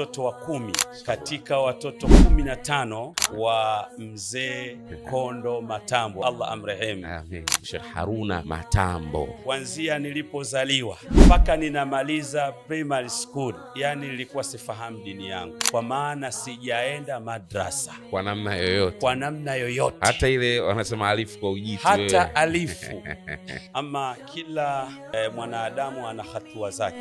watoto wa kumi katika watoto kumi na tano wa mzee Kondo Matambo, Allah amrehemu, amin. Sheikh Haruna Matambo, kuanzia nilipozaliwa mpaka ninamaliza primary school, yani nilikuwa sifahamu dini yangu, kwa maana sijaenda madrasa kwa namna yoyote, kwa namna yoyote, hata ile wanasema alifu kwa ujitu, hata alifu ama kila eh, mwanadamu ana hatua zake.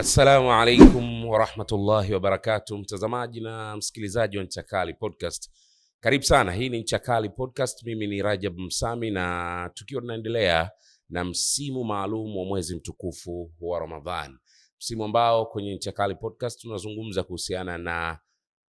Assalamu alaikum warahmatullahi wabarakatu, mtazamaji na msikilizaji wa Ncha Kali Podcast, karibu sana. Hii ni Ncha Kali Podcast, mimi ni Rajab Msami na tukiwa tunaendelea na msimu maalum wa mwezi mtukufu wa Ramadhan, msimu ambao kwenye Ncha Kali Podcast tunazungumza kuhusiana na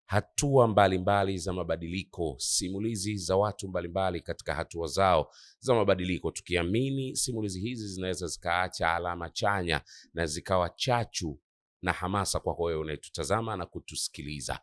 hatua mbalimbali mbali za mabadiliko, simulizi za watu mbalimbali mbali katika hatua zao za mabadiliko, tukiamini simulizi hizi zinaweza zikaacha alama chanya na zikawa chachu na hamasa kwako wewe unayetutazama na kutusikiliza.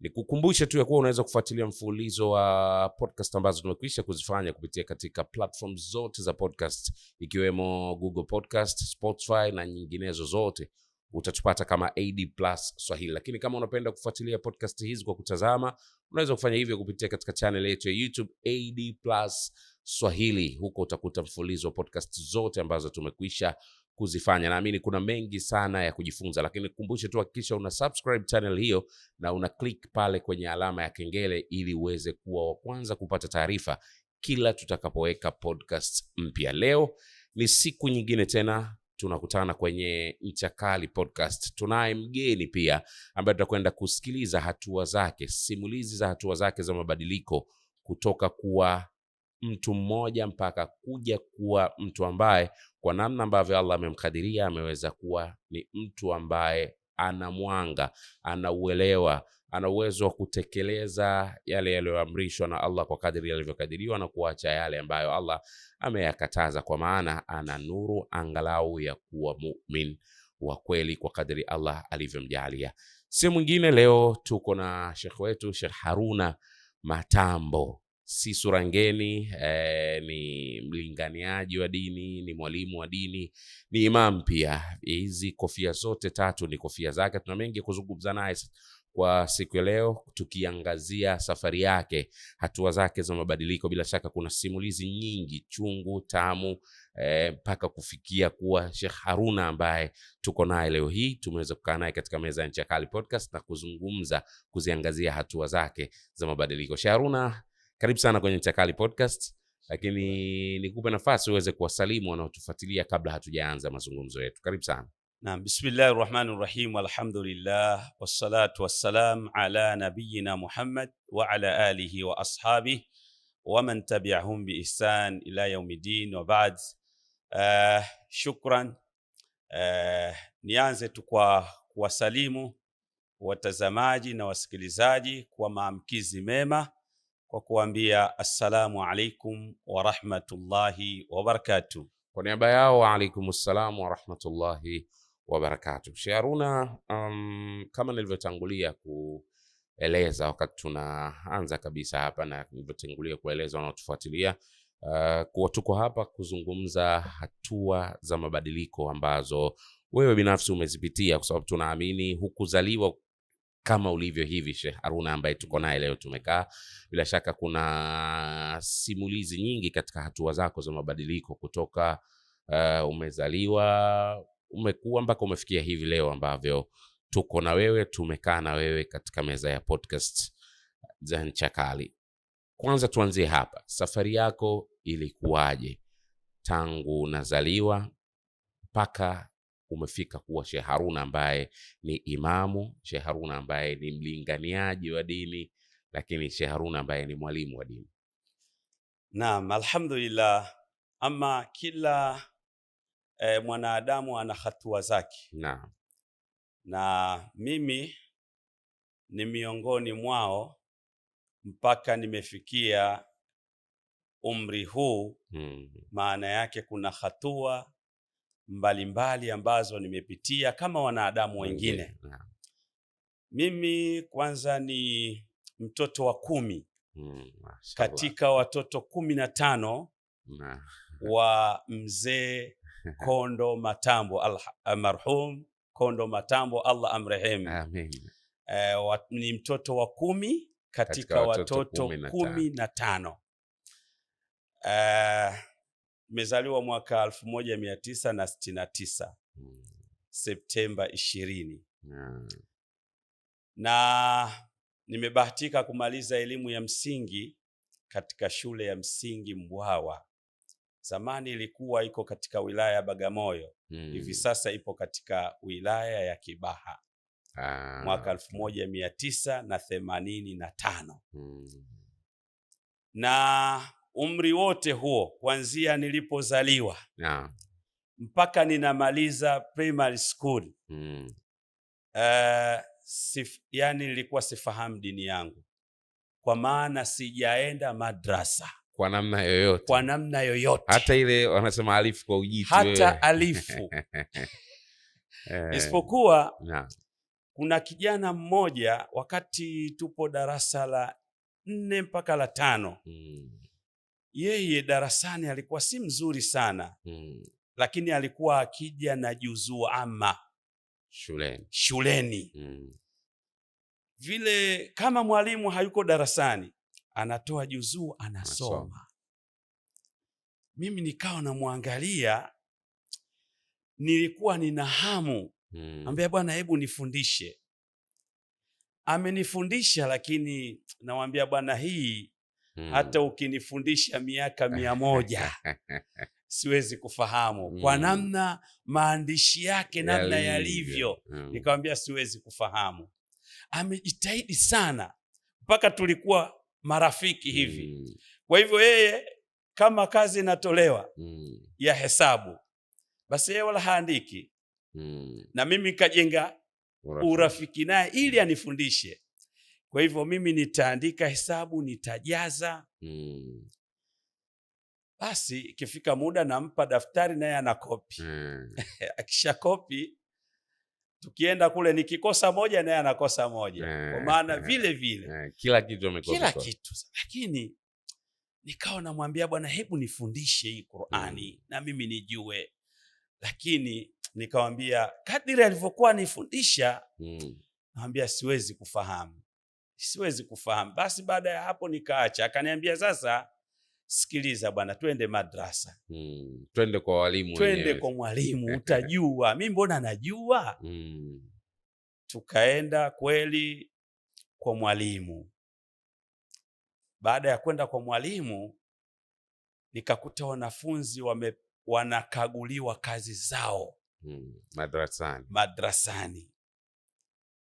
Nikukumbushe tu ya kuwa unaweza kufuatilia mfululizo wa podcast ambazo tumekwisha kuzifanya kupitia katika platform zote za podcast ikiwemo Google Podcast, Spotify na nyinginezo zote utatupata kama AD Plus Swahili, lakini kama unapenda kufuatilia podcast hizi kwa kutazama, unaweza kufanya hivyo kupitia katika channel yetu ya YouTube AD Plus Swahili. Huko utakuta mfulizo wa podcast zote ambazo tumekwisha kuzifanya. Naamini kuna mengi sana ya kujifunza, lakini kumbushe tu, hakikisha una subscribe channel hiyo na una click pale kwenye alama ya kengele ili uweze kuwa wa kwanza kupata taarifa kila tutakapoweka podcast mpya. Leo ni siku nyingine tena tunakutana kwenye Ncha Kali podcast. Tunaye mgeni pia ambaye tutakwenda kusikiliza hatua zake, simulizi za hatua zake za mabadiliko kutoka kuwa mtu mmoja mpaka kuja kuwa mtu ambaye kwa namna ambavyo Allah amemkadiria ameweza kuwa ni mtu ambaye ana mwanga, ana uelewa, ana uwezo wa kutekeleza yale yaliyoamrishwa na Allah kwa kadiri yalivyokadiriwa na kuacha yale ambayo Allah ameyakataza, kwa maana ana nuru angalau ya kuwa mumin wa kweli kwa kadiri Allah alivyomjalia. Si mwingine leo tuko na shekh wetu Sheikh Haruna Matambo si surangeni eh, ni mlinganiaji wa dini, ni mwalimu wa dini, ni imam pia. Hizi kofia zote tatu ni kofia zake. Tuna mengi kuzungumza naye kwa siku ya leo, tukiangazia safari yake, hatua zake za mabadiliko. Bila shaka kuna simulizi nyingi chungu tamu eh, mpaka eh, kufikia kuwa Sheikh Haruna ambaye tuko naye leo hii tumeweza kukaa naye katika meza ya Ncha podcast na kuzungumza kuziangazia hatua zake za mabadiliko. Sheikh Haruna karibu sana kwenye Mchakali Podcast, lakini nikupe nafasi uweze kuwasalimu wanaotufuatilia kabla hatujaanza mazungumzo yetu. Karibu sana. nam bismillahi rahmani rahim, walhamdulillah wassalatu wassalam ala nabiyina Muhammad wa ala alihi wa ashabih wa man tabi'ahum bi ihsan ila yaumiddin wa ba'd. Uh, shukran. Uh, nianze tu kwa kuwasalimu watazamaji na wasikilizaji kwa maamkizi mema kwa kuambia assalamu alaikum warahmatullahi wabarakatu. Kwa niaba yao waalaikum ssalamu warahmatullahi wabarakatu. sheharuna um, kama nilivyotangulia kueleza wakati tunaanza kabisa hapa na nilivyotangulia kueleza wanaotufuatilia uh, kuwa tuko hapa kuzungumza hatua za mabadiliko ambazo wewe binafsi umezipitia, kwa sababu tunaamini hukuzaliwa kama ulivyo hivi Sheikh Haruna ambaye tuko naye leo tumekaa. Bila shaka kuna simulizi nyingi katika hatua zako za mabadiliko kutoka uh, umezaliwa umekuwa mpaka umefikia hivi leo ambavyo tuko na wewe, tumekaa na wewe katika meza ya podcast za ncha kali. Kwanza tuanzie hapa, safari yako ilikuwaje tangu unazaliwa mpaka umefika kuwa Sheikh Haruna ambaye ni imamu, Sheikh Haruna ambaye ni mlinganiaji wa dini, lakini Sheikh Haruna ambaye ni mwalimu wa dini. Naam, alhamdulillah. Ama kila e, mwanadamu ana hatua zake. Naam. Na mimi ni miongoni mwao mpaka nimefikia umri huu. Hmm. Maana yake kuna hatua mbalimbali mbali ambazo nimepitia kama wanadamu wengine. Mimi kwanza ni mtoto wa kumi hmm, katika watoto kumi na tano wa mzee Kondo Matambo almarhum Kondo Matambo, Allah amrehemu. Eh, ni mtoto wa kumi katika, katika watoto, watoto kumi na tano, kumi na tano. Eh, mezaliwa mwaka elfu moja mia tisa na sitini tisa hmm. Septemba ishirini hmm. na nimebahatika kumaliza elimu ya msingi katika shule ya msingi Mbwawa. Zamani ilikuwa iko katika wilaya ya Bagamoyo hmm. hivi sasa ipo katika wilaya ya Kibaha ah. mwaka elfu moja mia tisa na themanini na tano hmm. na umri wote huo kuanzia nilipozaliwa yeah. mpaka ninamaliza primary school mm. uh, sif, yani nilikuwa sifahamu dini yangu kwa maana sijaenda madrasa kwa namna yoyote, kwa namna yoyote, hata ile wanasema alifu kwa ujitu, hata alifu eh. isipokuwa kuna kijana mmoja wakati tupo darasa la nne mpaka la tano mm yeye darasani alikuwa si mzuri sana hmm. Lakini alikuwa akija na juzuu ama shuleni, shuleni. Hmm. Vile kama mwalimu hayuko darasani anatoa juzuu anasoma, anasoma. Mimi nikawa namwangalia, nilikuwa nina hamu hmm. ambaye bwana, hebu nifundishe. Amenifundisha, lakini nawambia bwana, hii Mm. hata ukinifundisha miaka mia moja siwezi kufahamu mm. Kwa namna maandishi yake namna yalivyo mm. Nikamwambia siwezi kufahamu. Amejitahidi sana mpaka tulikuwa marafiki hivi mm. Kwa hivyo yeye kama kazi inatolewa mm. ya hesabu, basi yeye wala haandiki mm. Na mimi nikajenga urafiki naye ili anifundishe kwa hivyo mimi nitaandika hesabu, nitajaza mm. Basi ikifika muda nampa daftari, naye ana kopi mm. akisha kopi, tukienda kule nikikosa moja naye anakosa moja mm. kwa eh, maana eh, vile vile mm. kila kitu amekosa, kila kitu. Lakini nikawa namwambia bwana, hebu nifundishe hii Qur'ani mm. na mimi nijue, lakini nikamwambia kadiri alivyokuwa nifundisha mm. nawambia siwezi kufahamu siwezi kufahamu. Basi baada ya hapo nikaacha. Akaniambia sasa, sikiliza bwana, twende madrasa. Hmm. Twende kwa walimu, twende kwa mwalimu utajua. mi mbona najua? Hmm. Tukaenda kweli kwa mwalimu. Baada ya kwenda kwa mwalimu nikakuta wanafunzi wame, wanakaguliwa kazi zao hmm, madrasani madrasani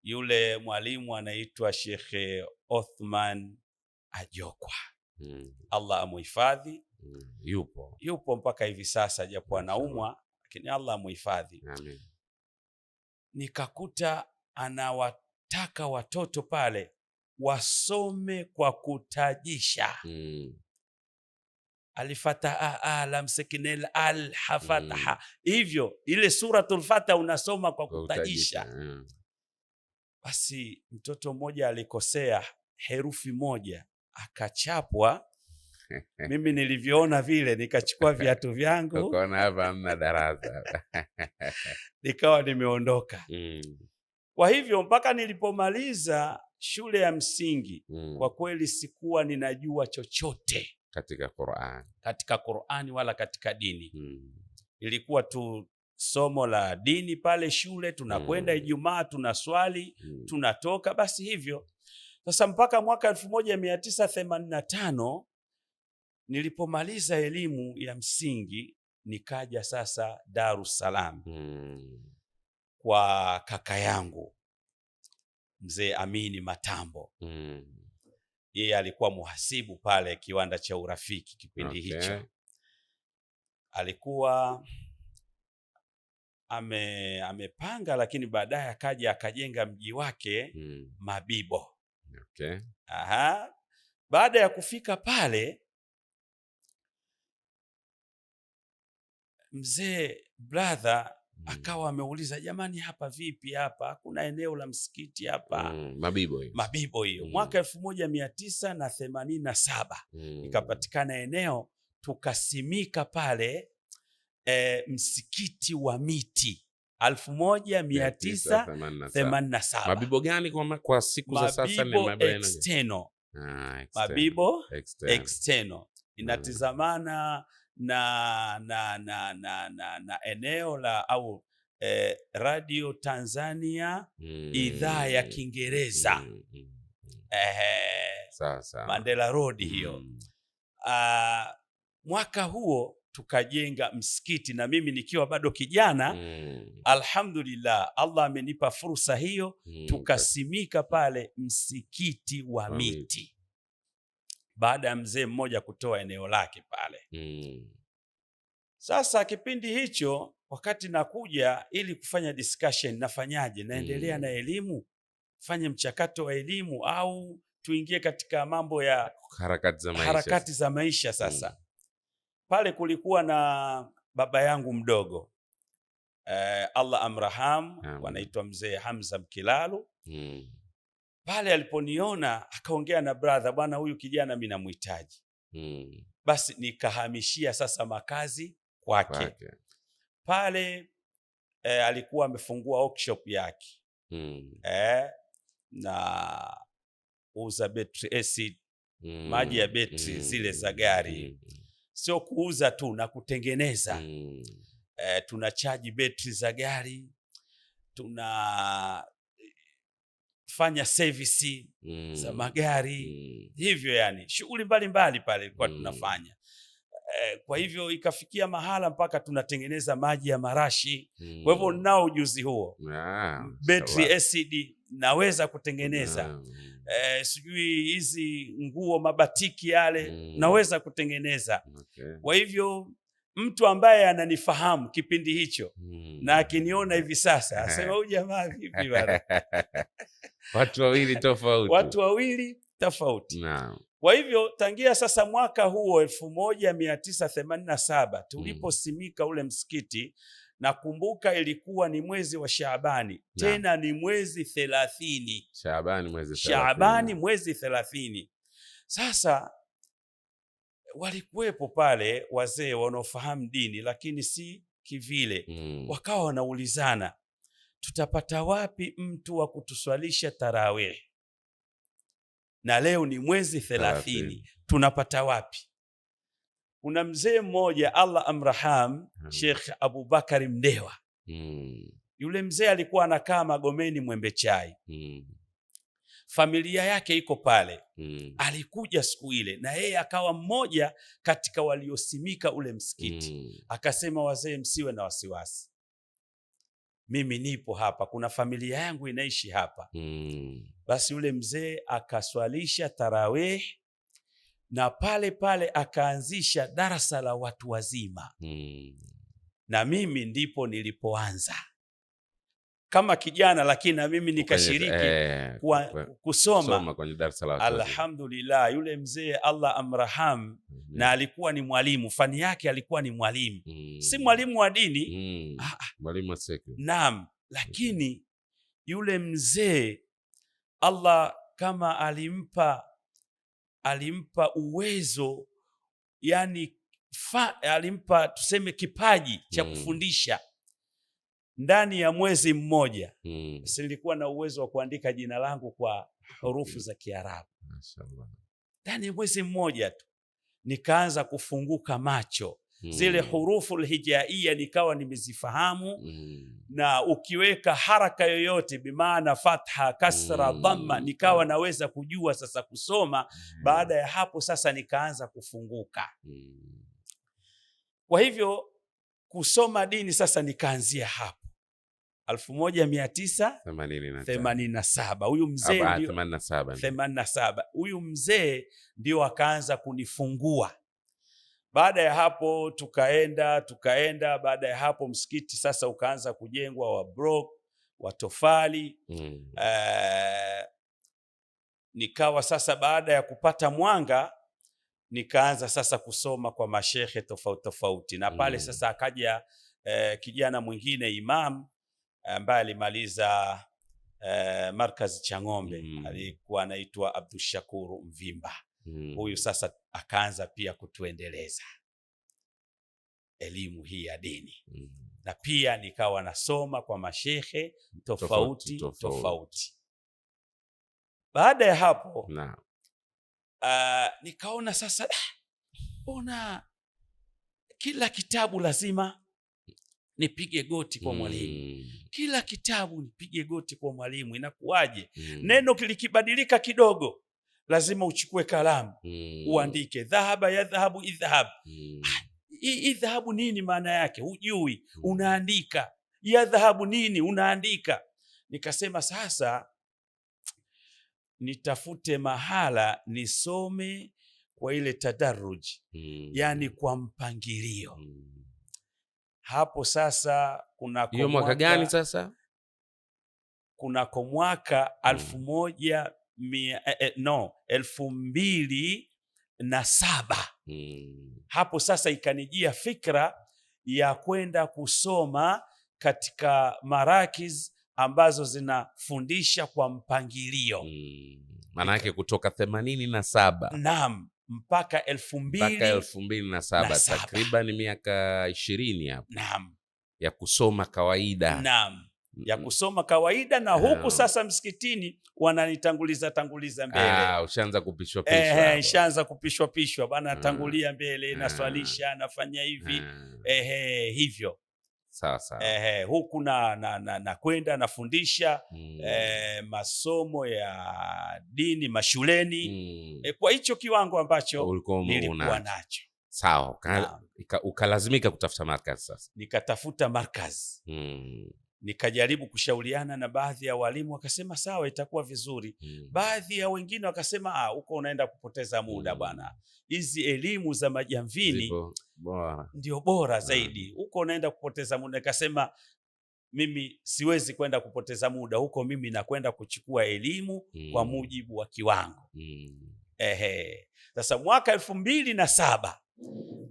yule mwalimu anaitwa Shekhe Othman Ajokwa mm. Allah amuhifadhi mm. yupo, yupo mpaka hivi sasa japo anaumwa, lakini Allah amuhifadhi. Nikakuta anawataka watoto pale wasome kwa kutajisha mm. alifataha alam al hafataha mm. hivyo ile suratul fata unasoma kwa kutajisha mm. Basi mtoto mmoja alikosea herufi moja akachapwa. Mimi nilivyoona vile nikachukua viatu vyangu ukaona darasa nikawa nimeondoka. Mm. Kwa hivyo mpaka nilipomaliza shule ya msingi mm. Kwa kweli sikuwa ninajua chochote katika qurani katika Qur'ani wala katika dini mm. Ilikuwa tu somo la dini pale shule, tunakwenda mm. Ijumaa tunaswali mm. tunatoka, basi hivyo sasa. Mpaka mwaka elfu moja mia tisa themanini na tano nilipomaliza elimu ya msingi nikaja sasa Dar es Salaam mm. kwa kaka yangu mzee Amini Matambo mm. yeye alikuwa muhasibu pale kiwanda cha Urafiki kipindi okay. hicho alikuwa ame, amepanga lakini baadaye akaja akajenga mji wake hmm. Mabibo. Okay. Aha. Baada ya kufika pale mzee brother hmm. akawa ameuliza jamani, hapa vipi? Hapa kuna eneo la msikiti hapa hmm. Mabibo hiyo Mabibo hmm. mwaka elfu moja mia tisa na themanini na saba hmm. ikapatikana eneo tukasimika pale e, msikiti wa miti alfu moja mia tisa themanini na saba. Mabibo gani kwa, ma, kwa siku za sasa? Ni mabibo ah, mabibo external inatizamana na, na, na, na, na, na eneo la au eh, Radio Tanzania mm. idhaa ya Kiingereza mm. eh, Mandela Road hiyo mm. uh, mwaka huo tukajenga msikiti na mimi nikiwa bado kijana mm. Alhamdulillah, Allah amenipa fursa hiyo mm. Tukasimika pale msikiti wa miti baada ya mzee mmoja kutoa eneo lake pale mm. Sasa kipindi hicho, wakati nakuja ili kufanya discussion, nafanyaje, naendelea mm. na elimu, fanye mchakato wa elimu au tuingie katika mambo ya harakati za maisha, harakati za maisha sasa mm pale kulikuwa na baba yangu mdogo eh, Allah amraham wanaitwa mzee Hamza Mkilalu hmm. Pale aliponiona akaongea na brother, bwana huyu kijana mimi namhitaji hmm. Basi nikahamishia sasa makazi kwake Pale eh, alikuwa amefungua workshop yake hmm. eh, na uza betri acid eh, hmm. maji ya hmm. betri hmm. zile za gari hmm sio kuuza tu na kutengeneza mm. E, chaji betri za gari, tunafanya eh, sevisi mm. za magari mm. hivyo, yani shughuli mbalimbali pale ilikuwa mm. tunafanya e, kwa hivyo ikafikia mahala mpaka tunatengeneza maji ya marashi mm. Kwa hivyo mm. nao ujuzi huo, yeah, betri acid naweza kutengeneza yeah. Mm eh, sijui hizi nguo mabatiki yale mm. naweza kutengeneza okay. Kwa hivyo mtu ambaye ananifahamu kipindi hicho mm. na akiniona hivi sasa asema huyu jamaa vipi bana? watu wawili tofauti, watu wawili tofauti Kwa hivyo tangia sasa mwaka huo elfu moja mia tisa themanini na saba tuliposimika ule msikiti Nakumbuka ilikuwa ni mwezi wa Shaabani na, tena ni mwezi thelathini Shaabani mwezi thelathini, Shaabani mwezi thelathini. Sasa walikuwepo pale wazee wanaofahamu dini lakini si kivile mm. Wakawa wanaulizana tutapata wapi mtu wa kutuswalisha tarawehe, na leo ni mwezi thelathini, tunapata wapi? Kuna mzee mmoja Allah amraham, hmm. Sheikh Abubakari Mdewa hmm. Yule mzee alikuwa anakaa Magomeni Mwembe Chai hmm. Familia yake iko pale hmm. Alikuja siku ile na yeye akawa mmoja katika waliosimika ule msikiti hmm. Akasema, wazee, msiwe na wasiwasi, mimi nipo hapa, kuna familia yangu inaishi hapa hmm. Basi yule mzee akaswalisha tarawih na pale pale akaanzisha darasa la watu wazima hmm. Na mimi ndipo nilipoanza kama kijana, lakini na mimi nikashiriki eh, kusoma alhamdulillah. Yule mzee Allah amraham mm -hmm. na alikuwa ni mwalimu, fani yake alikuwa ni mwalimu mm. si mwalimu wa dini mm. ah, ah. naam, lakini yule mzee Allah kama alimpa alimpa uwezo yani fa, alimpa tuseme kipaji cha hmm. kufundisha ndani ya mwezi mmoja hmm. silikuwa na uwezo wa kuandika jina langu kwa herufi za Kiarabu ndani ya mwezi mmoja tu, nikaanza kufunguka macho mm. zile hurufu lhijaia nikawa nimezifahamu mm. na ukiweka haraka yoyote bimaana fatha, kasra, mm. dhamma nikawa mm. naweza kujua sasa kusoma mm. baada ya hapo sasa nikaanza kufunguka mm. kwa hivyo kusoma dini sasa nikaanzia hapo 1987 huyu mzee ndio akaanza kunifungua baada ya hapo tukaenda tukaenda. Baada ya hapo msikiti sasa ukaanza kujengwa wa brok wa tofali mm. Uh, nikawa sasa baada ya kupata mwanga nikaanza sasa kusoma kwa mashehe tofauti tofauti na pale mm. Sasa akaja e, kijana mwingine imam ambaye alimaliza e, eh, markazi Chang'ombe mm. alikuwa anaitwa Abdushakur Mvimba Mm. huyu hmm. Sasa akaanza pia kutuendeleza elimu hii ya dini hmm. na pia nikawa nasoma kwa mashehe mm, tofauti tofauti, tofauti. tofauti. Baada ya hapo na. uh, ah, nikaona sasa ah, mbona kila kitabu lazima nipige goti kwa mwalimu mm. Kila kitabu nipige goti kwa mwalimu, inakuwaje? mm. Neno likibadilika kidogo lazima uchukue kalamu mm. uandike dhahaba ya yadhhabu idhhab mm. dhahabu hmm. ah, nini maana yake hujui, mm. unaandika dhahabu nini, unaandika. Nikasema sasa nitafute mahala nisome kwa ile tadaruji mm. yani kwa mpangilio mm. hapo sasa kuna mwaka gani sasa kunako mwaka mm. alfu moja mia, eh, eh, no elfu mbili na saba hmm. Hapo sasa ikanijia fikra ya kwenda kusoma katika marakiz ambazo zinafundisha kwa mpangilio hmm. kutoka themanini na saba nam mpaka elfu mbili na saba takriban miaka ishirini hapo ya kusoma kawaida naam ya kusoma kawaida na huku sasa msikitini wananitanguliza tanguliza mbele. Ah, ushaanza kupishwa pishwa. Eh, ushaanza kupishwa pishwa bana, mm. tangulia mbele, mm. naswalisha, nafanya hivi eh, hivyo sasa Eh, huku na na, na, na kwenda nafundisha mm. eh, masomo ya dini mashuleni mm. eh, kwa hicho kiwango ambacho nilikuwa nacho sawa, ukalazimika kutafuta markazi sasa. Nikatafuta markazi mm nikajaribu kushauriana na baadhi ya walimu wakasema sawa, itakuwa vizuri mm. Baadhi ya wengine wakasema ah, huko unaenda kupoteza muda mm. Bwana, hizi elimu za majamvini ndio bora ah. zaidi, huko unaenda kupoteza muda. Nikasema mimi siwezi kwenda kupoteza muda huko, mimi nakwenda kuchukua elimu mm. kwa mujibu wa kiwango mm. sasa mwaka elfu mbili na saba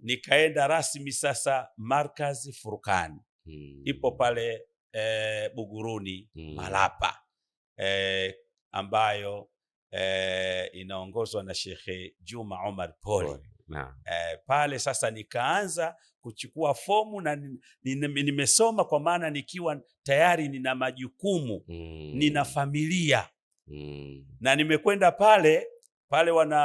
nikaenda rasmi sasa Markazi Furkani mm. ipo pale e, Buguruni mm. Malapa e, ambayo e, inaongozwa na Shekhe Juma Omar Pole nah. E, pale sasa nikaanza kuchukua fomu na nimesoma kwa maana nikiwa tayari nina majukumu mm. nina familia mm. na nimekwenda pale pale wana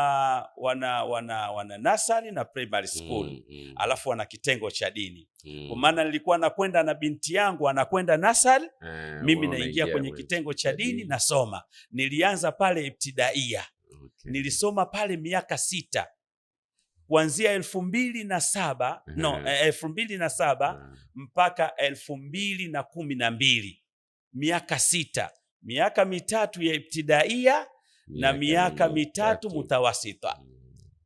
wana wana, wana nasari na primary school mm, mm. Alafu wana kitengo cha dini mm. Kwa maana nilikuwa nakwenda na binti yangu anakwenda nasari eh, mimi naingia kwenye kitengo cha dini nasoma. Nilianza pale ibtidaia okay. Nilisoma pale miaka sita kuanzia elfu mbili na saba no, eh. Eh, elfu mbili na saba ah. mpaka elfu mbili na kumi na mbili miaka sita miaka mitatu ya ibtidaia na miaka mitatu mutawasita,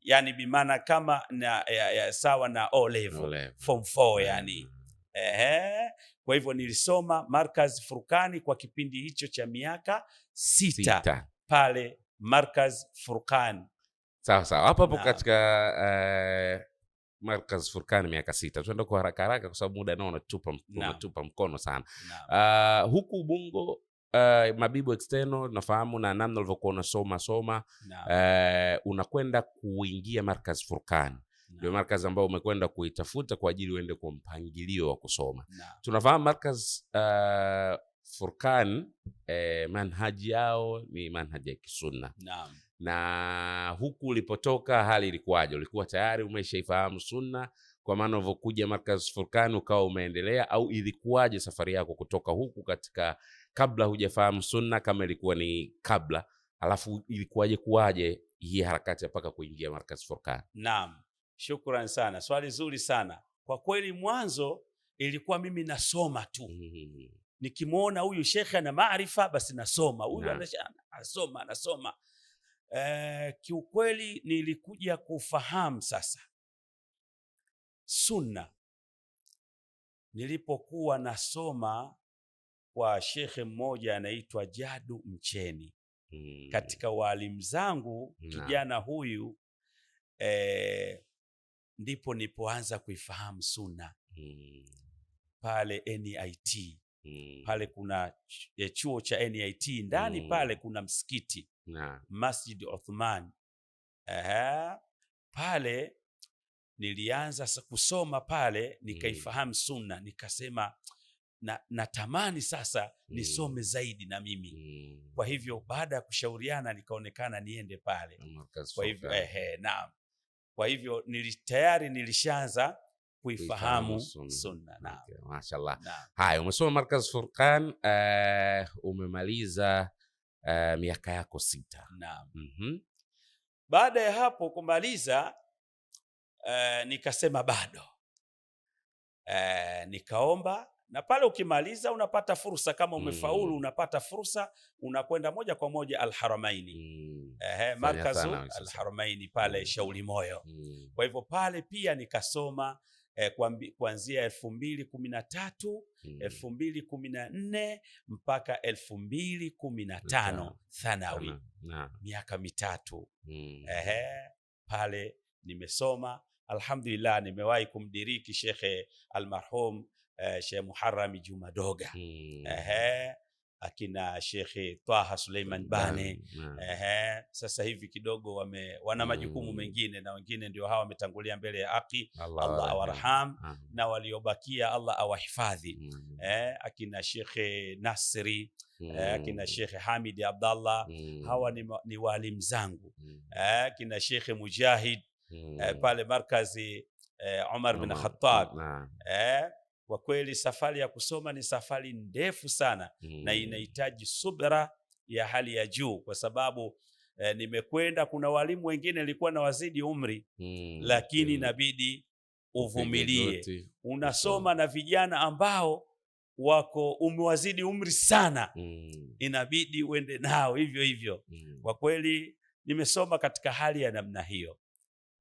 yani bimaana kama na, ya, ya, sawa na O level form 4 yani. Ehe, kwa hivyo nilisoma Markaz Furkani kwa kipindi hicho cha miaka sita, sita. pale Markaz Furkani sawa sawa, hapo hapo katika uh, eh, Markaz Furkani miaka sita. Tuenda kwa haraka haraka kwa sababu muda nao unatupa mkono sana. Uh, huku Ubungo uh, mabibu external nafahamu na namna ulivyokuwa unasoma soma, soma. Uh, eh, unakwenda kuingia Markaz furkani ndio Markaz ambao umekwenda kuitafuta kwa ajili uende kwa mpangilio wa kusoma. Tunafahamu Markaz uh, furkan eh, manhaji yao ni manhaji ya Kisunna Naam. na huku ulipotoka hali ilikuwaje? Ulikuwa tayari umeshaifahamu sunna kwa maana ulivyokuja Markaz furkan ukawa umeendelea, au ilikuwaje safari yako kutoka huku katika kabla hujafahamu sunna, kama ilikuwa ni kabla, alafu ilikuwaje kuwaje hii harakati mpaka kuingia Markaz furkan Naam, shukran sana, swali zuri sana kwa kweli. Mwanzo ilikuwa mimi nasoma tu mm -hmm. Nikimwona huyu shekhe ana maarifa basi nasoma huyu Anasoma anasoma e, kiukweli nilikuja kufahamu sasa sunna nilipokuwa nasoma kwa shekhe mmoja anaitwa Jadu Mcheni hmm. Katika waalimu zangu kijana huyu eh, ndipo nipoanza kuifahamu suna hmm. pale NIT hmm. pale kuna eh, chuo cha NIT ndani hmm. pale kuna msikiti na Masjid Uthman. Aha. Pale nilianza kusoma pale mm. nikaifahamu sunna, nikasema na natamani sasa mm. nisome zaidi na mimi mm. Kwa hivyo baada ya kushauriana nikaonekana niende pale Kwa hivyo ehe, na, Kwa hivyo tayari nilishaanza kuifahamu sunna. okay, Haya, umesoma Markaz furkan uh, eh, umemaliza uh, miaka yako sita. mm -hmm. Baada ya hapo kumaliza uh, nikasema bado uh, nikaomba na pale ukimaliza unapata fursa kama mm. umefaulu, unapata fursa unakwenda moja kwa moja Alharamaini, mm. ehe, Alharamaini pale mm. Shauli Moyo. Mm. Kwa hivyo pale pia nikasoma eh, kuanzia elfu mbili kumi na tatu mm. elfu mbili kumi na nne mpaka elfu mbili kumi na tano thanawi, miaka mitatu. Mm. Ehe, pale nimesoma alhamdulillah, nimewahi kumdiriki shekhe almarhum eh, Sheikh Muharram Juma Doga hmm. eh, akina Sheikh Taha Suleiman Bane hmm. eh, sasa hivi kidogo wame, wana majukumu hmm. mengine na wengine ndio hawa wametangulia mbele ya aki Allah, Allah awarham hmm. na waliobakia Allah awahifadhi hmm. eh, akina Sheikh Nasri eh, Hmm. Eh, kina Sheikh Hamid Abdallah hmm. hawa ni, ni walimu zangu hmm. eh, kina Sheikh Mujahid eh, hmm. eh, pale markazi eh, Umar bin Khattab eh, kwa kweli safari ya kusoma ni safari ndefu sana mm. na inahitaji subra ya hali ya juu kwa sababu eh, nimekwenda, kuna walimu wengine nilikuwa na wazidi umri mm. lakini mm. inabidi mm. uvumilie. Unasoma na vijana ambao wako umewazidi umri sana mm. inabidi uende nao hivyo hivyo mm. kwa kweli nimesoma katika hali ya namna hiyo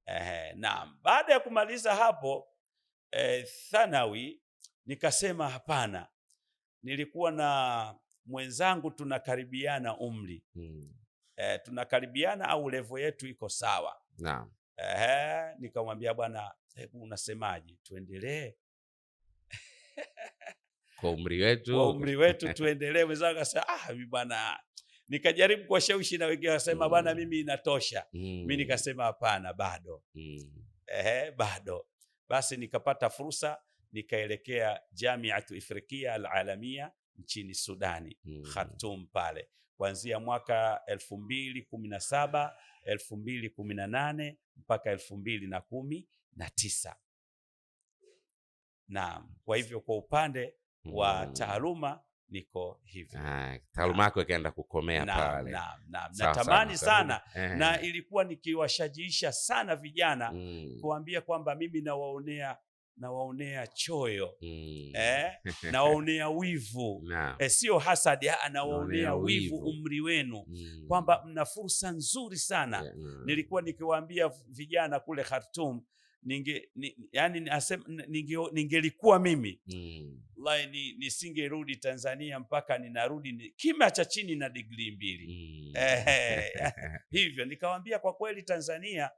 eh, na baada ya kumaliza hapo eh, thanawi Nikasema hapana, nilikuwa na mwenzangu tunakaribiana umri hmm. E, tunakaribiana au levo yetu iko sawa naam. Ehe, nikamwambia bwana, hebu unasemaje, tuendelee kwa umri wetu, kwa umri wetu tuendelee. Mwenzangu akasema ah, mimi bwana nikajaribu kuwashawishi na wengine wakasema mm. Bwana mimi inatosha mm. Mimi hmm. nikasema hapana, bado mm. Ehe, bado. Basi nikapata fursa nikaelekea Jamiatu ifrikia Alalamia nchini Sudani mm. Khartoum pale kuanzia mwaka elfu mbili kumi na saba elfu mbili kumi na nane mpaka elfu mbili na kumi na tisa Naam, kwa hivyo kwa upande wa hmm. taaluma niko hivyo. Ah, yako ikaenda kukomea natamani na, Natamani sana eh. na ilikuwa nikiwashajiisha sana vijana mm, kuambia kwamba mimi nawaonea nawaonea choyo mm. eh? nawaonea wivu nah. eh, sio hasadi, nawaonea wivu umri wenu mm. kwamba mna fursa nzuri sana yeah, nah. Mm. nilikuwa nikiwaambia vijana kule khartum ninge ni, yani ningelikuwa mimi mm. lai nisingerudi Tanzania mpaka ninarudi ni, kima cha chini na digrii mbili mm. eh, hivyo nikawambia kwa kweli Tanzania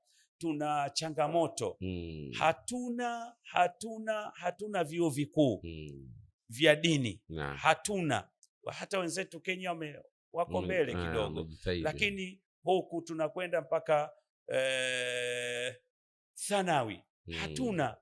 tuna changamoto mm. hatuna hatuna hatuna vyuo vikuu mm. vya dini nah. hatuna hata wenzetu Kenya wame, wako mbele mm. kidogo ah, lakini huku tunakwenda mpaka eh, thanawi mm. hatuna.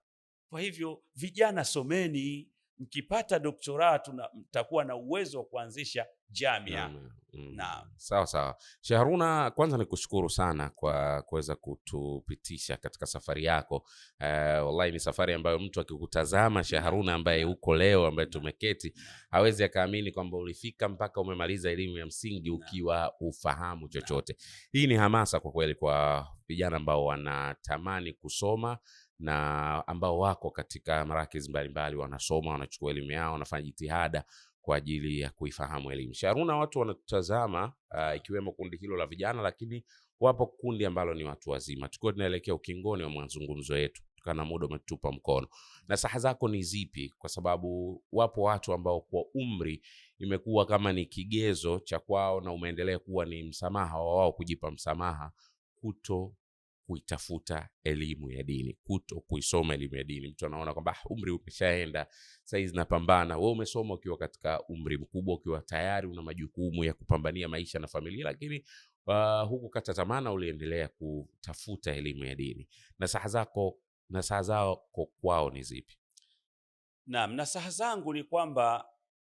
Kwa hivyo vijana, someni, mkipata doktora mtakuwa na uwezo wa kuanzisha jamia mm, Naam, sawa sawa. Shahruna, kwanza ni kushukuru sana kwa kuweza kutupitisha katika safari yako. Uh, wallahi ni safari ambayo mtu akikutazama Shahruna ambaye uko leo, ambaye tumeketi, hawezi akaamini kwamba ulifika mpaka umemaliza elimu ya msingi ukiwa ufahamu chochote. Hii ni hamasa kwa kweli kwa vijana ambao wanatamani kusoma na ambao wako katika marakizi mbalimbali, wanasoma, wanachukua elimu yao, wanafanya jitihada kwa ajili ya kuifahamu elimu. Sharuna watu wanatutazama uh, ikiwemo kundi hilo la vijana, lakini wapo kundi ambalo ni watu wazima. Tukiwa tunaelekea ukingoni wa mazungumzo yetu kana muda umetupa mkono, na saha zako ni zipi? Kwa sababu wapo watu ambao kwa umri imekuwa kama ni kigezo cha kwao na umeendelea kuwa ni msamaha wa wao kujipa msamaha kuto kuitafuta elimu ya dini, kuto kuisoma elimu ya dini. Mtu anaona kwamba ah, umri umeshaenda, saizi napambana. Wewe umesoma ukiwa katika umri mkubwa, ukiwa tayari una majukumu ya kupambania maisha na familia, lakini uh, ah, kata tamana uliendelea kutafuta elimu ya dini. Nasaha zako, nasaha zako kwao ni zipi? Naam, nasaha zangu ni kwamba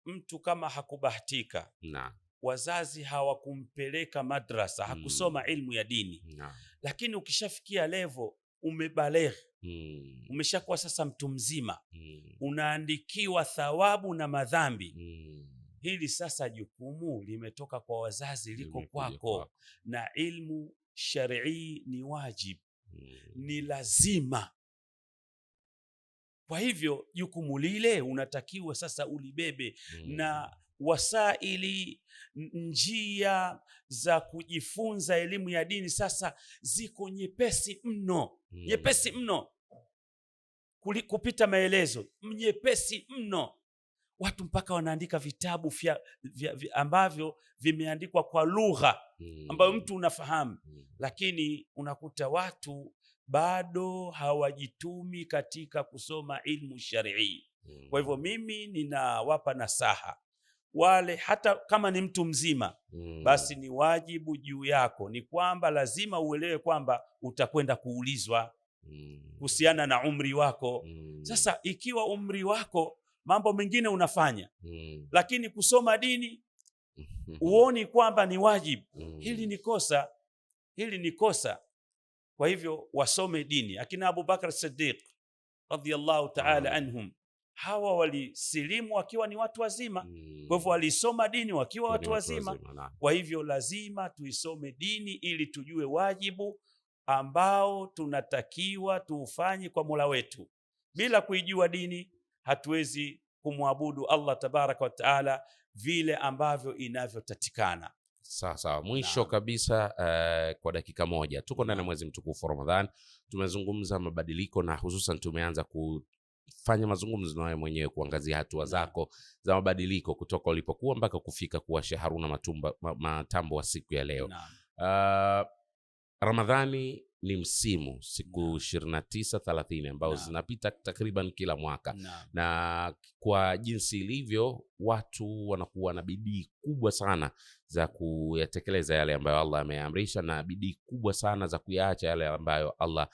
mtu kama hakubahatika naam wazazi hawakumpeleka madrasa, hakusoma mm. ilmu ya dini na. Lakini ukishafikia levo umebaleh hmm. Umeshakuwa sasa mtu mzima hmm. Unaandikiwa thawabu na madhambi hmm. Hili sasa jukumu limetoka kwa wazazi, liko kwako kwa. Na ilmu sharii ni wajib hmm. Ni lazima. Kwa hivyo jukumu lile unatakiwa sasa ulibebe hmm. Na mm wasaili, njia za kujifunza elimu ya dini sasa ziko nyepesi mno, mm. nyepesi mno kupita maelezo, nyepesi mno. Watu mpaka wanaandika vitabu vya, vya, vya ambavyo vimeandikwa kwa lugha mm. ambayo mtu unafahamu, mm. lakini unakuta watu bado hawajitumi katika kusoma ilmu sharii. Kwa hivyo mimi ninawapa nasaha wale hata kama ni mtu mzima mm. Basi ni wajibu juu yako, ni kwamba lazima uelewe kwamba utakwenda kuulizwa mm. kuhusiana na umri wako mm. Sasa ikiwa umri wako mambo mengine unafanya mm. lakini kusoma dini uoni kwamba ni wajibu mm. Hili ni kosa, hili ni kosa. Kwa hivyo wasome dini akina Abubakar sidiq radiallahu ta'ala mm. anhum hawa walisilimu wakiwa ni watu wazima mm. Kwa hivyo walisoma dini wakiwa watu wazima, watu wazima. Kwa hivyo lazima tuisome dini ili tujue wajibu ambao tunatakiwa tuufanye kwa Mola wetu. Bila kuijua dini hatuwezi kumwabudu Allah tabaraka wa taala vile ambavyo inavyotatikana. Sawa sawa. Mwisho na kabisa, uh, kwa dakika moja, tuko ndani ya mwezi mtukufu Ramadhan. Tumezungumza mabadiliko na hususan tumeanza ku fanya mazungumzo nawe mwenyewe kuangazia hatua mm. zako za mabadiliko kutoka ulipokuwa mpaka kufika kuwa sheharuna Matumba, Matambo wa siku ya leo. Uh, Ramadhani ni msimu siku ishirini na tisa thelathini ambao zinapita takriban kila mwaka na, na kwa jinsi ilivyo watu wanakuwa na bidii kubwa sana za kuyatekeleza yale ambayo Allah ameamrisha na bidii kubwa sana za kuyaacha yale ambayo Allah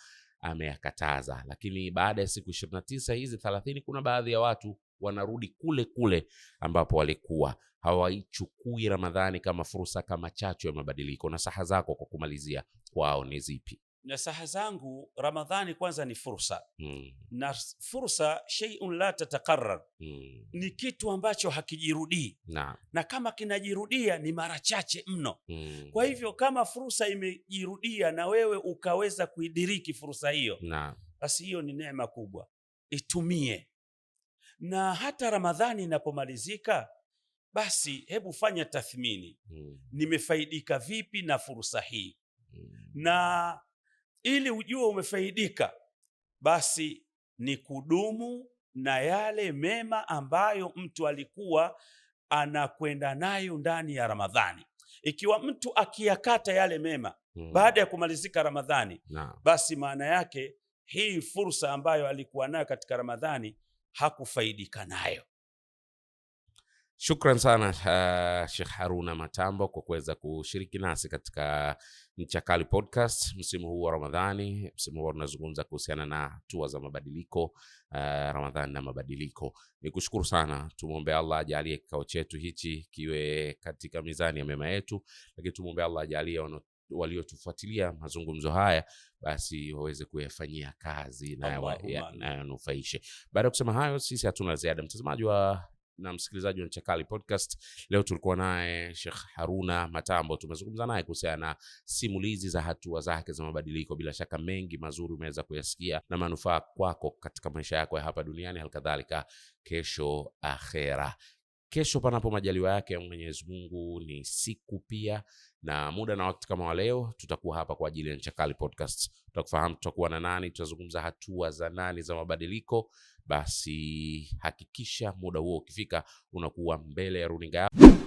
ameyakataza. Lakini baada ya siku ishirini na tisa hizi thelathini, kuna baadhi ya watu wanarudi kule kule ambapo walikuwa. Hawaichukui Ramadhani kama fursa, kama chachu ya mabadiliko. Nasaha zako kwa kumalizia kwao ni zipi? Nasaha zangu Ramadhani, kwanza ni fursa hmm. na fursa sheiun la tatakarar hmm. ni kitu ambacho hakijirudii na, na kama kinajirudia ni mara chache mno hmm. kwa hivyo kama fursa imejirudia na wewe ukaweza kuidiriki fursa hiyo, basi hiyo ni neema kubwa, itumie. Na hata Ramadhani inapomalizika basi hebu fanya tathmini hmm. nimefaidika vipi na fursa hii hmm. na ili ujue umefaidika, basi ni kudumu na yale mema ambayo mtu alikuwa anakwenda nayo ndani ya Ramadhani. Ikiwa mtu akiyakata yale mema hmm, baada ya kumalizika Ramadhani na, basi maana yake hii fursa ambayo alikuwa nayo katika Ramadhani hakufaidika nayo. Shukran sana uh, Sheikh Haruna Matambo kwa kuweza kushiriki nasi katika ni Chakali Podcast msimu huu wa Ramadhani. Msimu huu tunazungumza kuhusiana na hatua za mabadiliko uh, Ramadhani na mabadiliko. Nikushukuru sana, tumwombe Allah ajalie kikao chetu hichi kiwe katika mizani ya mema yetu, lakini tumwombe Allah ajalie waliotufuatilia mazungumzo haya basi waweze kuyafanyia kazi na yanufaishe. Baada ya kusema hayo, sisi hatuna ziada, mtazamaji wa na msikilizaji wa Nchakali Podcast. Leo tulikuwa naye Sheikh Haruna Matambo, tumezungumza naye kuhusiana na simulizi za hatua zake za mabadiliko. Bila shaka mengi mazuri umeweza kuyasikia na manufaa kwako katika maisha yako ya hapa duniani, halikadhalika kesho akhera. Kesho panapo majaliwa yake ya Mwenyezi Mungu ni siku pia na muda na wakati kama wa leo, tutakuwa hapa kwa ajili ya Nchakali Podcast. Tutakufahamu tutakuwa na nani, tutazungumza hatua za nani za mabadiliko basi hakikisha muda huo ukifika unakuwa mbele ya runinga yako.